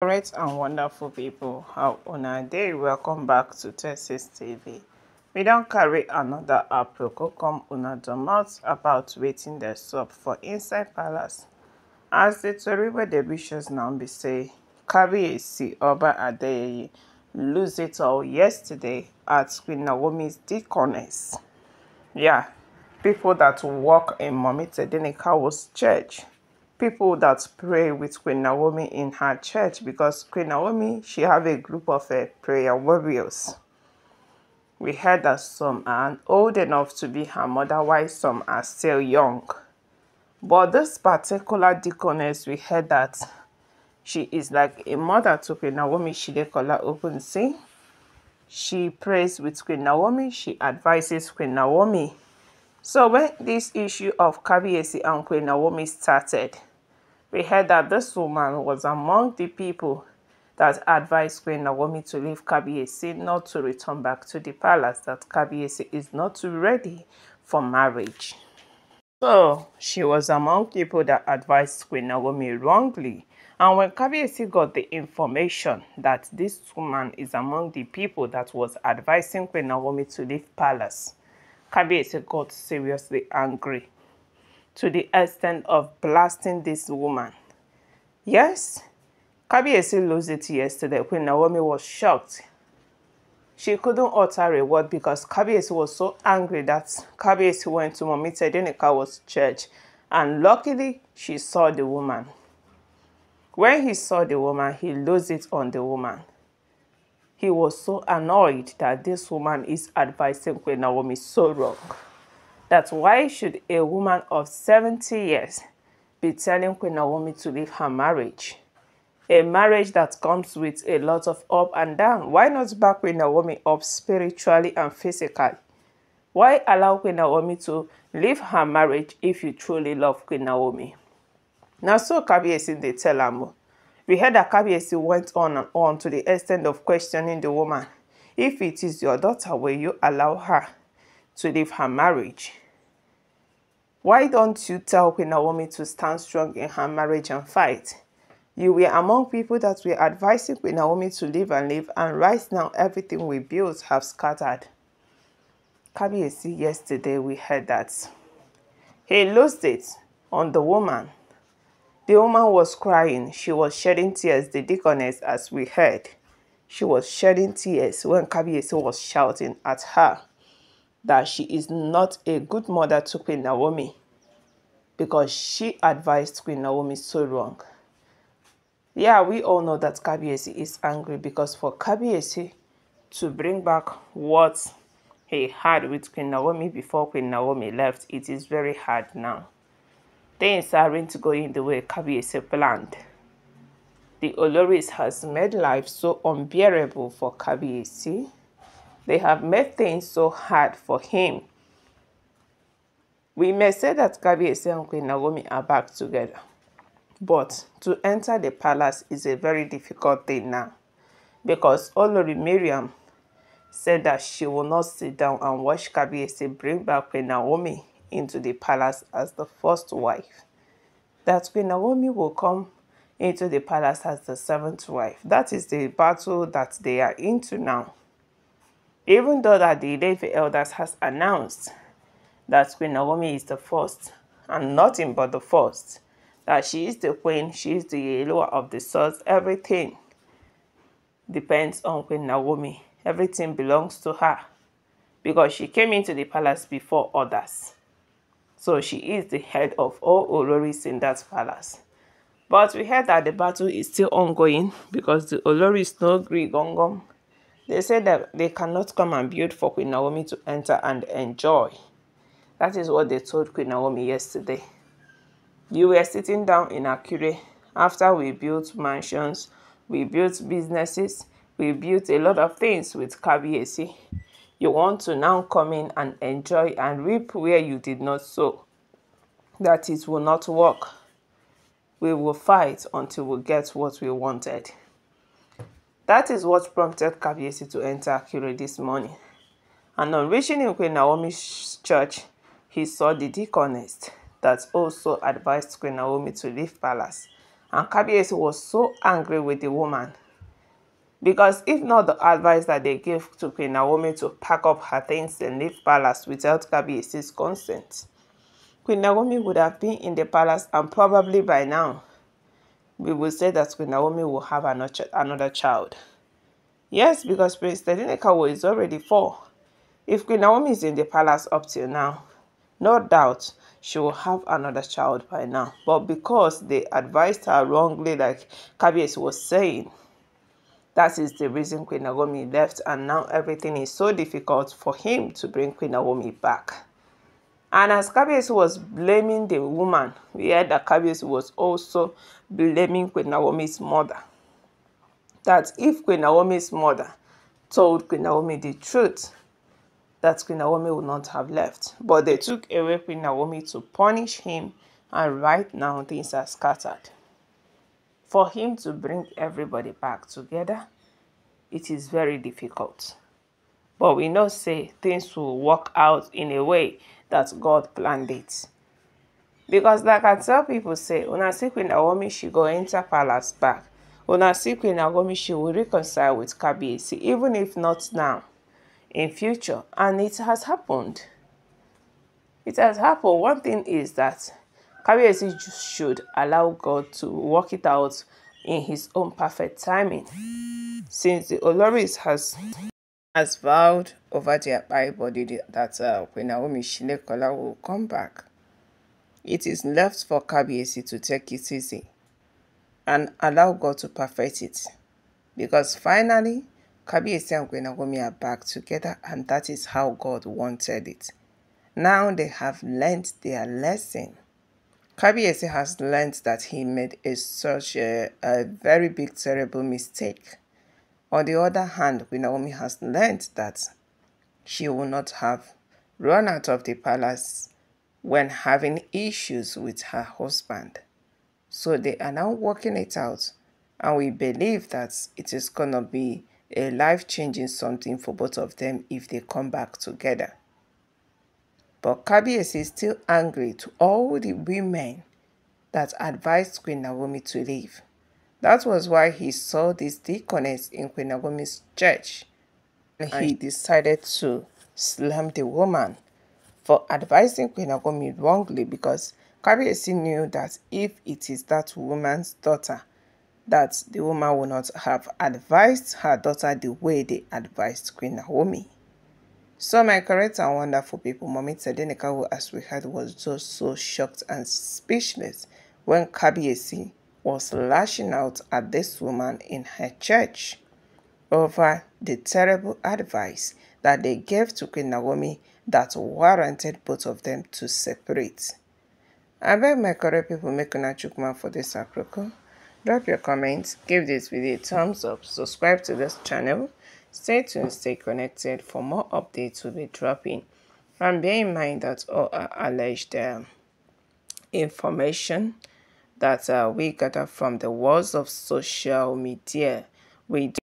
Correct and wonderful people, how on a day? Welcome back to Texas TV. We don't carry another apple. come on, una domot about waiting dey sup for inside palace. As the tori wey now, reach say carry a sea over Oba Adeyeye lose it all yesterday at Queen Naomi's deaconess. Yeah, people that work in Mommy Tedinika was church. people that pray with Queen Naomi in her church because Queen Naomi, she have a group of uh, prayer warriors. We heard that some are old enough to be her mother, while some are still young. But this particular deaconess, we heard that she is like a mother to Queen Naomi Shidekola Ogunsi. She prays with Queen Naomi, she advises Queen Naomi. So when this issue of Kabiesi and Queen Naomi started, we heard that this woman was among the people that advised Queen Naomi to leave Kabiesi not to return back to the palace, that Kabiesi is not ready for marriage. So, she was among people that advised Queen Naomi wrongly. And when Kabiesi got the information that this woman is among the people that was advising Queen Naomi to leave palace, Kabiesi got seriously angry to the extent of blasting this woman. Yes, Kabiesi lost it yesterday when Naomi was shocked. She couldn't utter a word because Kabiesi was so angry that Kabiesi went to Mommy was church and luckily she saw the woman. When he saw the woman, he lost it on the woman. He was so annoyed that this woman is advising Queen Naomi so wrong. That's why should a woman of 70 years be telling Queen Naomi to leave her marriage? A marriage that comes with a lot of up and down. Why not back Queen Naomi up spiritually and physically? Why allow Queen Naomi to leave her marriage if you truly love Queen Naomi? Now so Kabiesi they tell Amo. We heard that Kabiesi went on and on to the extent of questioning the woman. If it is your daughter, will you allow her to leave her marriage? Why don't you tell Queen Naomi to stand strong in her marriage and fight? You were among people that were advising Queen Naomi to live and live, and right now everything we built have scattered. Kabiesi, yesterday we heard that. He lost it on the woman. The woman was crying. She was shedding tears, the deaconess, as we heard. She was shedding tears when Kabiesi was shouting at her that she is not a good mother to Queen Naomi because she advised Queen Naomi so wrong. Yeah, we all know that Kabiesi is angry because for Kabiesi to bring back what he had with Queen Naomi before Queen Naomi left, it is very hard now. Things aren't going the way Kabiesi planned. The Oloris has made life so unbearable for Kabiesi They have made things so hard for him. We may say that Kabiyesi and Queen Naomi are back together, but to enter the palace is a very difficult thing now because Olori Miriam said that she will not sit down and watch Kabiyesi bring back Queen Naomi into the palace as the first wife. That Queen Naomi will come into the palace as the seventh wife. That is the battle that they are into now. Even though that the Ilefe elders has announced that Queen Naomi is the first and nothing but the first, that she is the queen, she is the Yelua of the source, everything depends on Queen Naomi. Everything belongs to her because she came into the palace before others. So she is the head of all Oloris in that palace. But we heard that the battle is still ongoing because the Oloris no agree gongong. They said that they cannot come and build for Queen Naomi to enter and enjoy. That is what they told Queen Naomi yesterday. You were sitting down in Akure after we built mansions, we built businesses, we built a lot of things with See, You want to now come in and enjoy and reap where you did not sow. That it will not work. We will fight until we get what we wanted. That is what prompted Kabiesi to enter Akure this morning. And on reaching Queen Naomi's church, he saw the deaconess that also advised Queen Naomi to leave palace. And Kabiesi was so angry with the woman because if not the advice that they gave to Queen Naomi to pack up her things and leave palace without Kabiesi's consent, Queen Naomi would have been in the palace and probably by now we will say that Queen Naomi will have another child. Yes, because Prince Tedinekawo is already four. If Queen Naomi is in the palace up till now, no doubt she will have another child by now. But because they advised her wrongly, like Kabies was saying, that is the reason Queen Naomi left and now everything is so difficult for him to bring Queen Naomi back. And as Kabiyesi was blaming the woman, we heard that Kabiyesi was also blaming Queen Naomi's mother. That if Queen Naomi's mother told Queen Naomi the truth, that Queen Naomi would not have left. But they took away Queen Naomi to punish him, and right now things are scattered. For him to bring everybody back together, it is very difficult. But we know say things will work out in a way that God planned it. Because like I tell people say, "When I see Queen Naomi, she go enter palace back. When I see Queen Naomi, she will reconcile with Kabiyesi, even if not now, in future. And it has happened. It has happened. One thing is that Kabiyesi should allow God to work it out in his own perfect timing. Since the Oloris has has vowed over their Bible body that uh, when Naomi Shinekola will come back, it is left for Kabiesi to take it easy and allow God to perfect it. Because finally, Kabiesi and Naomi are back together and that is how God wanted it. Now they have learned their lesson. Kabiesi has learned that he made a, such a, a very big terrible mistake on the other hand, Naomi has learned that she will not have run out of the palace when having issues with her husband. So they are now working it out, and we believe that it is going to be a life changing something for both of them if they come back together. But Kabies is still angry to all the women that advised Queen Naomi to leave. That was why he saw this deaconess in Queen Nagomi's church. And he decided to slam the woman for advising Queen Nagomi wrongly because Kabiesi knew that if it is that woman's daughter, that the woman would not have advised her daughter the way they advised Queen Naomi. So my correct and wonderful people, Mommy Tedenekawo, as we heard, was just so shocked and speechless when Kabiesi was lashing out at this woman in her church over the terrible advice that they gave to Queen Naomi that warranted both of them to separate. I beg my correct people make an chukma for this article. Drop your comments, give this video a thumbs up, subscribe to this channel, stay tuned, stay connected for more updates will be dropping. And bear in mind that all are alleged um, information that uh, we gather from the walls of social media. We